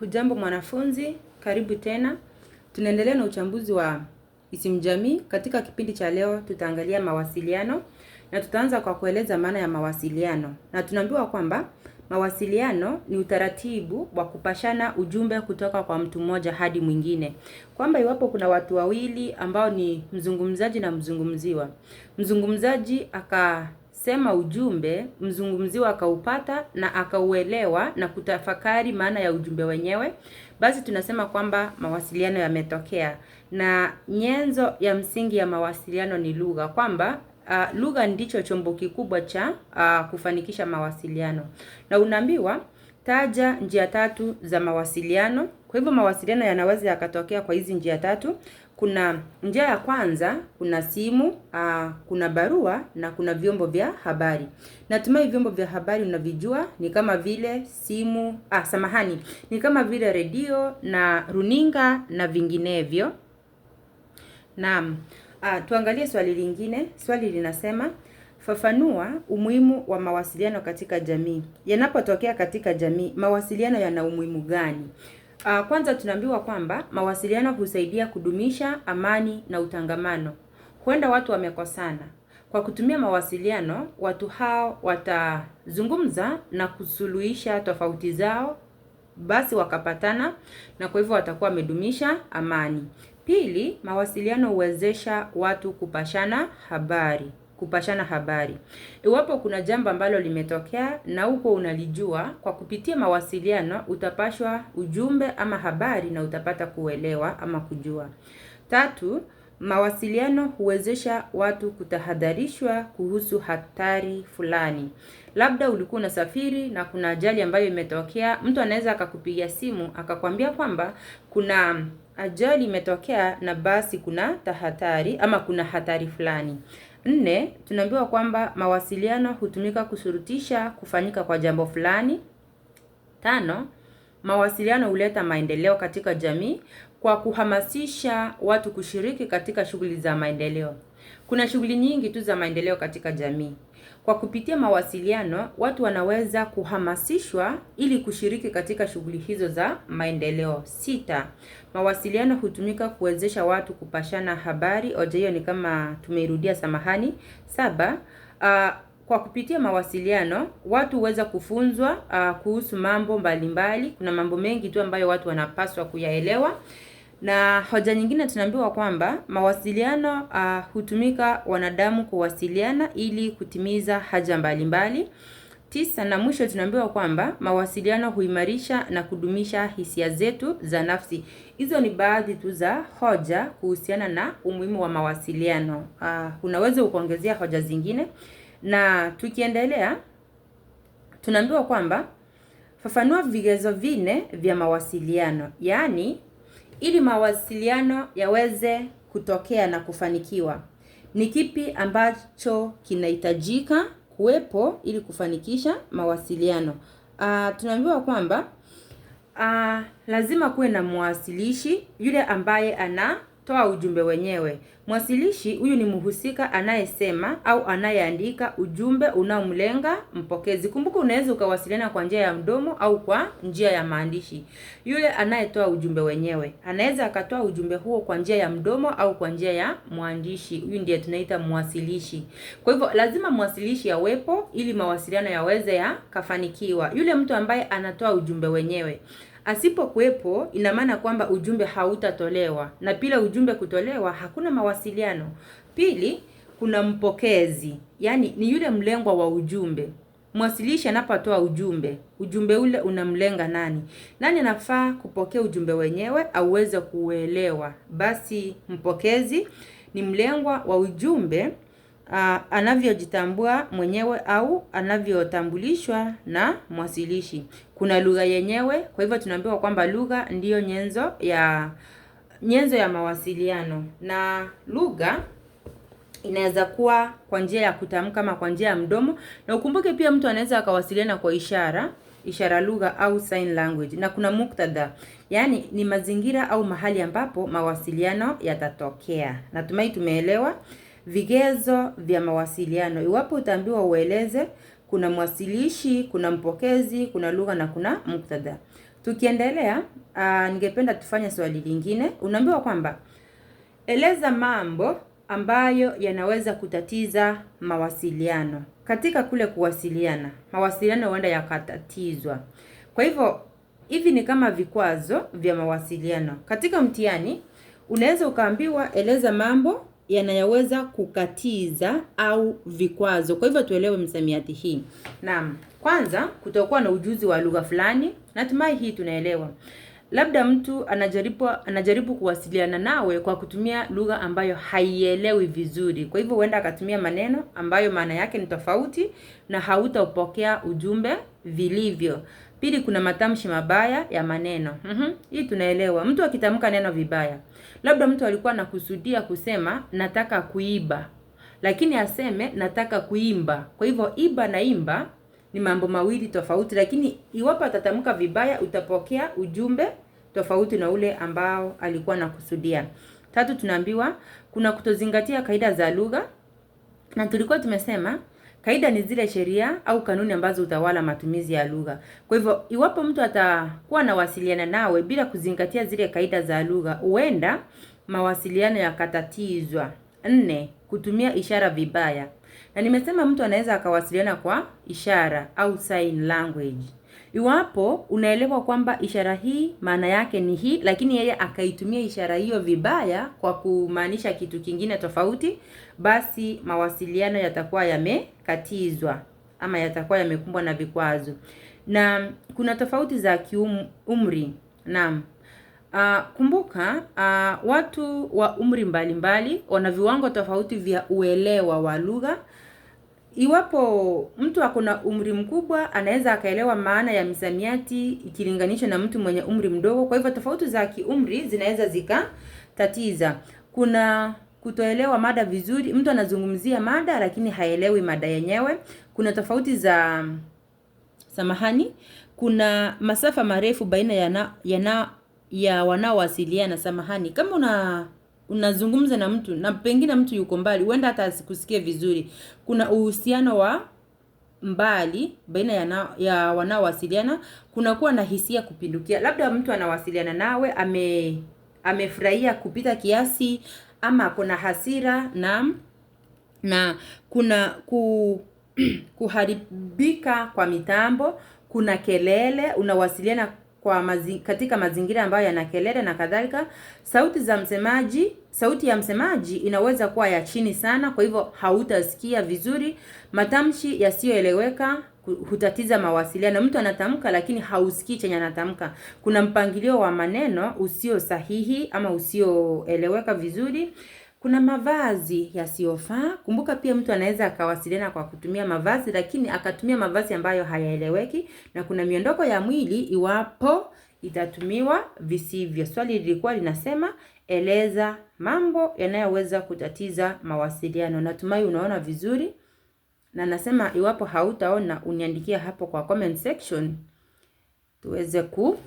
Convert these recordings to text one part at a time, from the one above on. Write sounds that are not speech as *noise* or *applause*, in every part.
Hujambo mwanafunzi, karibu tena. Tunaendelea na uchambuzi wa isimu jamii. Katika kipindi cha leo, tutaangalia mawasiliano na tutaanza kwa kueleza maana ya mawasiliano, na tunaambiwa kwamba mawasiliano ni utaratibu wa kupashana ujumbe kutoka kwa mtu mmoja hadi mwingine, kwamba iwapo kuna watu wawili ambao ni mzungumzaji na mzungumziwa, mzungumzaji aka sema ujumbe mzungumziwa akaupata na akauelewa na kutafakari maana ya ujumbe wenyewe, basi tunasema kwamba mawasiliano yametokea. Na nyenzo ya msingi ya mawasiliano ni lugha, kwamba uh, lugha ndicho chombo kikubwa cha uh, kufanikisha mawasiliano. Na unaambiwa taja njia tatu za mawasiliano. Kwa hivyo mawasiliano yanaweza yakatokea kwa hizi njia tatu. Kuna njia ya kwanza, kuna simu aa, ah, kuna barua na kuna vyombo vya habari. Natumai vyombo vya habari unavijua, ni kama vile simu, ah, samahani, ni kama vile redio na runinga na vinginevyo. Naam, ah, tuangalie swali lingine. Swali linasema fafanua umuhimu wa mawasiliano katika jamii. Yanapotokea katika jamii, mawasiliano yana umuhimu gani? Ah, kwanza tunaambiwa kwamba mawasiliano husaidia kudumisha amani na utangamano. Huenda watu wamekosana. Kwa kutumia mawasiliano, watu hao watazungumza na kusuluhisha tofauti zao, basi wakapatana na kwa hivyo watakuwa wamedumisha amani. Pili, mawasiliano huwezesha watu kupashana habari kupashana habari. Iwapo kuna jambo ambalo limetokea na uko unalijua, kwa kupitia mawasiliano utapashwa ujumbe ama habari na utapata kuelewa ama kujua. Tatu, mawasiliano huwezesha watu kutahadharishwa kuhusu hatari fulani. Labda ulikuwa unasafiri na kuna ajali ambayo imetokea, mtu anaweza akakupigia simu akakwambia kwamba kuna ajali imetokea na basi kuna tahadhari ama kuna hatari fulani. Nne, tunaambiwa kwamba mawasiliano hutumika kushurutisha kufanyika kwa jambo fulani. Tano, mawasiliano huleta maendeleo katika jamii kwa kuhamasisha watu kushiriki katika shughuli za maendeleo. Kuna shughuli nyingi tu za maendeleo katika jamii. Kwa kupitia mawasiliano, watu wanaweza kuhamasishwa ili kushiriki katika shughuli hizo za maendeleo. Sita, mawasiliano hutumika kuwezesha watu kupashana habari. Oje, hiyo ni kama tumeirudia, samahani. Saba, uh, kwa kupitia mawasiliano watu huweza kufunzwa uh, kuhusu mambo mbalimbali. Kuna mambo mengi tu ambayo watu wanapaswa kuyaelewa. Na hoja nyingine tunaambiwa kwamba mawasiliano uh, hutumika wanadamu kuwasiliana ili kutimiza haja mbalimbali mbali. Tisa, na mwisho tunaambiwa kwamba mawasiliano huimarisha na kudumisha hisia zetu za nafsi. Hizo ni baadhi tu za hoja kuhusiana na umuhimu wa mawasiliano. Uh, unaweza ukaongezea hoja zingine, na tukiendelea tunaambiwa kwamba fafanua vigezo vine vya mawasiliano, yaani ili mawasiliano yaweze kutokea na kufanikiwa, ni kipi ambacho kinahitajika kuwepo ili kufanikisha mawasiliano? Uh, tunaambiwa kwamba uh, lazima kuwe na mwasilishi yule ambaye ana toa ujumbe wenyewe. Mwasilishi huyu ni mhusika anayesema au anayeandika ujumbe unaomlenga mpokezi. Kumbuka unaweza ukawasiliana kwa njia ya mdomo au kwa njia ya maandishi. Yule anayetoa ujumbe wenyewe anaweza akatoa ujumbe huo kwa njia ya mdomo au kwa njia ya mwandishi. Huyu ndiye tunaita mwasilishi. Kwa hivyo lazima mwasilishi awepo ili mawasiliano yaweze yakafanikiwa. Yule mtu ambaye anatoa ujumbe wenyewe Asipokuwepo ina maana kwamba ujumbe hautatolewa, na bila ujumbe kutolewa hakuna mawasiliano. Pili, kuna mpokezi, yaani ni yule mlengwa wa ujumbe. Mwasilishi anapotoa ujumbe, ujumbe ule unamlenga nani? Nani anafaa kupokea ujumbe wenyewe auweze kuuelewa? Basi mpokezi ni mlengwa wa ujumbe uh, anavyojitambua mwenyewe au anavyotambulishwa na mwasilishi. Kuna lugha yenyewe, kwa hivyo tunaambiwa kwamba lugha ndiyo nyenzo ya nyenzo ya mawasiliano, na lugha inaweza kuwa kwa njia ya kutamka ama kwa njia ya mdomo, na ukumbuke pia mtu anaweza akawasiliana kwa ishara ishara lugha au sign language. Na kuna muktadha, yaani ni mazingira au mahali ambapo mawasiliano yatatokea. Natumai tumeelewa. Vigezo vya mawasiliano: iwapo utaambiwa ueleze, kuna mwasilishi, kuna mpokezi, kuna lugha na kuna muktadha. Tukiendelea, uh, ningependa tufanye swali lingine. Unaambiwa kwamba eleza mambo ambayo yanaweza kutatiza mawasiliano. Katika kule kuwasiliana, mawasiliano huenda yakatatizwa. Kwa hivyo hivi ni kama vikwazo vya mawasiliano. Katika mtihani unaweza ukaambiwa eleza mambo yanayoweza kukatiza au vikwazo. Kwa hivyo tuelewe msamiati hii. Naam, kwanza kutokuwa na ujuzi wa lugha fulani. Natumai hii tunaelewa. Labda mtu anajaribu anajaribu kuwasiliana nawe kwa kutumia lugha ambayo haielewi vizuri. Kwa hivyo huenda akatumia maneno ambayo maana yake ni tofauti na hautaupokea ujumbe vilivyo. Pili, kuna matamshi mabaya ya maneno. Mm -hmm. Hii tunaelewa. Mtu akitamka neno vibaya. Labda mtu alikuwa anakusudia kusema nataka kuiba. Lakini aseme nataka kuimba. Kwa hivyo iba na imba ni mambo mawili tofauti, lakini iwapo atatamka vibaya utapokea ujumbe tofauti na ule ambao alikuwa anakusudia. Tatu, tunaambiwa kuna kutozingatia kaida za lugha. Na tulikuwa tumesema Kaida ni zile sheria au kanuni ambazo utawala matumizi ya lugha. Kwa hivyo, iwapo mtu atakuwa anawasiliana nawe bila kuzingatia zile kaida za lugha, huenda mawasiliano yakatatizwa. Nne, kutumia ishara vibaya, na nimesema mtu anaweza akawasiliana kwa ishara au sign language. Iwapo unaelewa kwamba ishara hii maana yake ni hii, lakini yeye akaitumia ishara hiyo vibaya kwa kumaanisha kitu kingine tofauti, basi mawasiliano yatakuwa yamekatizwa ama yatakuwa yamekumbwa na vikwazo. Na kuna tofauti za kiumri. Naam. Uh, kumbuka uh, watu wa umri mbalimbali wana viwango tofauti vya uelewa wa lugha Iwapo mtu akona umri mkubwa anaweza akaelewa maana ya misamiati ikilinganishwa na mtu mwenye umri mdogo. Kwa hivyo tofauti za kiumri zinaweza zikatatiza. Kuna kutoelewa mada vizuri, mtu anazungumzia mada lakini haelewi mada yenyewe. Kuna tofauti za samahani, kuna masafa marefu baina ya na, ya wanaowasiliana. Samahani, kama una unazungumza na mtu na pengine mtu yuko mbali, huenda hata asikusikie vizuri. Kuna uhusiano wa mbali baina ya, ya wanaowasiliana. Kunakuwa na hisia kupindukia, labda mtu anawasiliana nawe ame amefurahia kupita kiasi ama kuna hasira na na kuna ku, *clears throat* kuharibika kwa mitambo, kuna kelele, unawasiliana kwa mazi, katika mazingira ambayo yana kelele na kadhalika, sauti za msemaji, sauti ya msemaji inaweza kuwa ya chini sana, kwa hivyo hautasikia vizuri. Matamshi yasiyoeleweka hutatiza mawasiliano. Mtu anatamka lakini hausikii chenye anatamka. Kuna mpangilio wa maneno usio sahihi ama usioeleweka vizuri. Kuna mavazi yasiyofaa. Kumbuka pia mtu anaweza akawasiliana kwa kutumia mavazi, lakini akatumia mavazi ambayo hayaeleweki, na kuna miondoko ya mwili iwapo itatumiwa visivyo. Swali lilikuwa linasema eleza mambo yanayoweza kutatiza mawasiliano. Natumai unaona vizuri, na nasema iwapo hautaona uniandikia hapo kwa comment section tuweze ku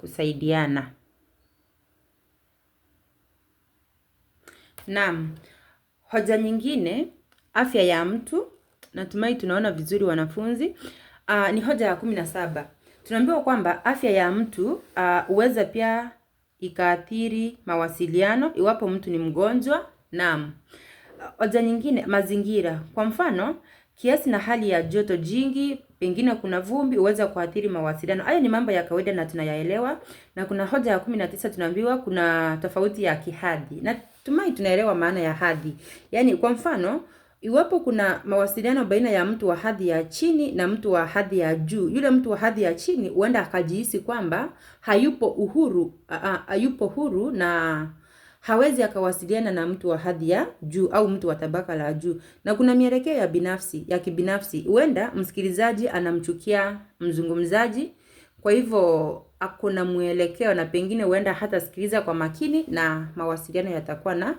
kusaidiana. Naam, hoja nyingine, afya ya mtu, natumai tunaona vizuri wanafunzi, uh, ni hoja ya kumi na saba. Tunaambiwa kwamba afya ya mtu ah, huweza pia ikaathiri mawasiliano iwapo mtu ni mgonjwa. Naam. Hoja nyingine, mazingira. Kwa mfano, kiasi na hali ya joto jingi pengine kuna vumbi huweza kuathiri mawasiliano. Haya ni mambo ya kawaida na tunayaelewa. Na kuna hoja ya kumi na tisa tunaambiwa kuna tofauti ya kihadhi. Natumai tunaelewa maana ya hadhi. Yaani kwa mfano iwapo kuna mawasiliano baina ya mtu wa hadhi ya chini na mtu wa hadhi ya juu, yule mtu wa hadhi ya chini huenda akajihisi kwamba hayupo uhuru, hayupo huru na hawezi akawasiliana na mtu wa hadhi ya juu au mtu wa tabaka la juu, na kuna mielekeo ya binafsi ya kibinafsi. Huenda msikilizaji anamchukia mzungumzaji, kwa hivyo akuna mwelekeo, na pengine huenda hata sikiliza kwa makini na mawasiliano yatakuwa na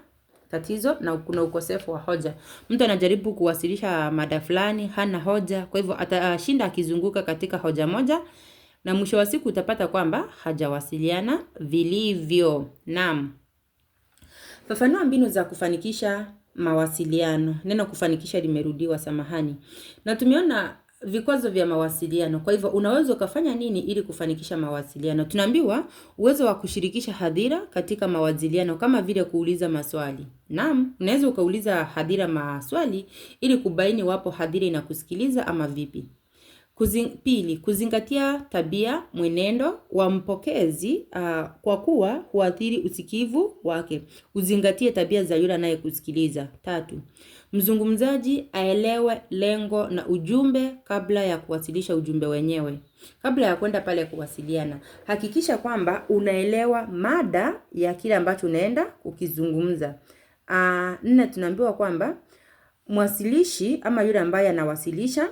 tatizo na kuna ukosefu wa hoja. Mtu anajaribu kuwasilisha mada fulani, hana hoja, kwa hivyo atashinda ah, akizunguka katika hoja moja na mwisho wa siku utapata kwamba hajawasiliana vilivyo. Naam. Fafanua mbinu za kufanikisha mawasiliano. Neno kufanikisha limerudiwa, samahani. Na tumeona vikwazo vya mawasiliano. Kwa hivyo unaweza ukafanya nini ili kufanikisha mawasiliano? Tunaambiwa uwezo wa kushirikisha hadhira katika mawasiliano kama vile kuuliza maswali. Naam, unaweza ukauliza hadhira maswali ili kubaini wapo hadhira inakusikiliza ama vipi. Kuzing, pili, kuzingatia tabia mwenendo wa mpokezi uh, kwa kuwa huathiri usikivu wake. Uzingatie tabia za yule anayekusikiliza. Tatu, mzungumzaji aelewe lengo na ujumbe kabla ya kuwasilisha ujumbe wenyewe. Kabla ya kwenda pale kuwasiliana, hakikisha kwamba unaelewa mada ya kile ambacho unaenda kukizungumza. Uh, nne, tunaambiwa kwamba mwasilishi ama yule ambaye anawasilisha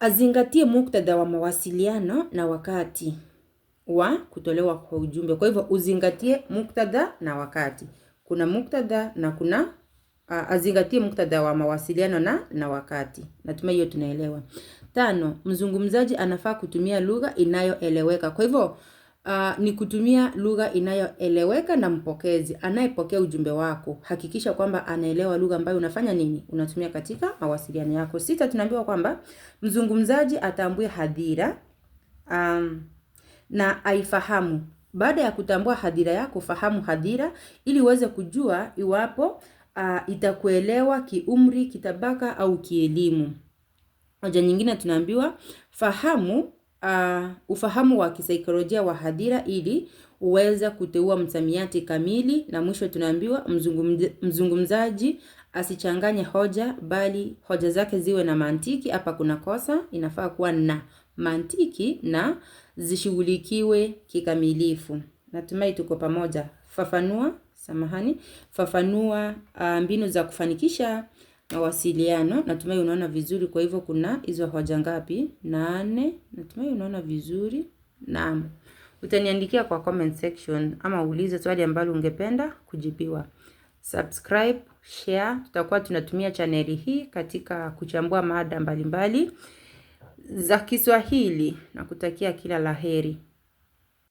azingatie muktadha wa mawasiliano na wakati wa kutolewa kwa ujumbe. Kwa hivyo uzingatie muktadha na wakati. Kuna muktadha na kuna uh, azingatie muktadha wa mawasiliano na na wakati. Natumai hiyo tunaelewa. Tano, mzungumzaji anafaa kutumia lugha inayoeleweka. Kwa hivyo Uh, ni kutumia lugha inayoeleweka na mpokezi anayepokea ujumbe wako. Hakikisha kwamba anaelewa lugha ambayo unafanya nini, unatumia katika mawasiliano yako. Sita, tunaambiwa kwamba mzungumzaji atambue hadhira um, na aifahamu. Baada ya kutambua hadhira yako, fahamu hadhira ili uweze kujua iwapo uh, itakuelewa kiumri, kitabaka au kielimu. Hoja nyingine tunaambiwa fahamu uh, ufahamu wa kisaikolojia wa hadhira ili uweze kuteua msamiati kamili. Na mwisho tunaambiwa mzungumzaji asichanganye hoja bali hoja zake ziwe na mantiki. Hapa kuna kosa, inafaa kuwa na mantiki na zishughulikiwe kikamilifu. Natumai tuko pamoja. Fafanua, samahani, fafanua uh, mbinu za kufanikisha mawasiliano. Natumai unaona vizuri kwa hivyo kuna hizo hoja ngapi? Nane. Natumai unaona vizuri. Naam. Utaniandikia kwa comment section ama uulize swali ambalo ungependa kujibiwa. Subscribe, share. Tutakuwa tunatumia chaneli hii katika kuchambua mada mbalimbali za Kiswahili. Nakutakia kila laheri